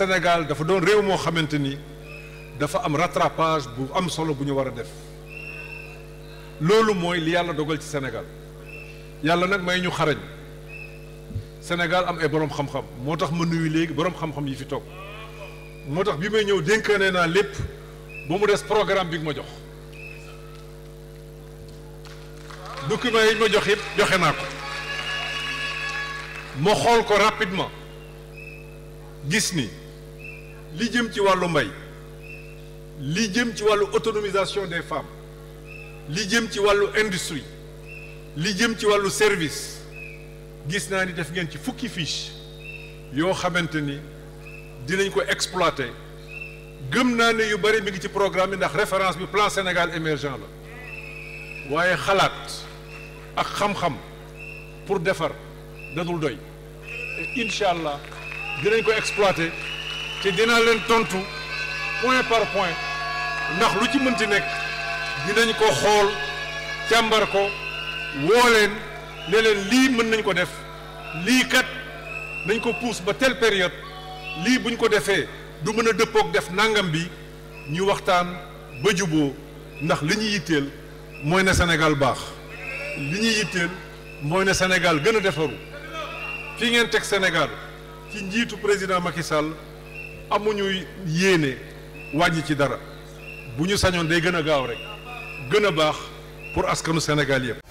Sénégal dafa doon réew moo xamante ni dafa am rattrapage bu am solo bu ñu war a def loolu mooy li yàlla dogal ci Sénégal yàlla nag may ñu xarañ Sénégal am ay borom xam-xam moo tax ma nuyu léegi borom xam-xam yi fi toog moo tax bi may ñëw nee naa lépp ba mu des programme bi gu ma jox document yi ma jox yëpp joxe naa ko ma xool ko rapidement gis ni li jëm ci wàllu mbay li jëm ci wàllu autonomisation des femmes li jëm ci wàllu industrie li jëm ci wàllu service gis naa ni def ngeen ci fukki fiche yoo xamante ni dinañ ko exploiter gëm naa ne yu bëri mi ngi ci programme ndax référence bi plan Sénégal émergent la waaye xalaat ak xam-xam pour defar dadul doy incha dinañ ko exploiter te dinaa leen tontu point par point ndax lu ci mënti nekk dinañ ko xool càmbar ko woo leen leen lii mën nañ ko def lii kat nañ ko puus ba telle période lii buñ ko defee du mën a dëppoog def nangam bi ñu waxtaan ba juboo ndax li ñuy yitteel mooy na Sénégal baax li ñuy yitteel mooy na Sénégal gën a defaru fii ngeen teg senegal ci njiitu président Macky Sall amuñu yéene wàññi ci dara bu ñu sañoon day gën a gaaw rek gën a baax pour askanu Sénégal yëpp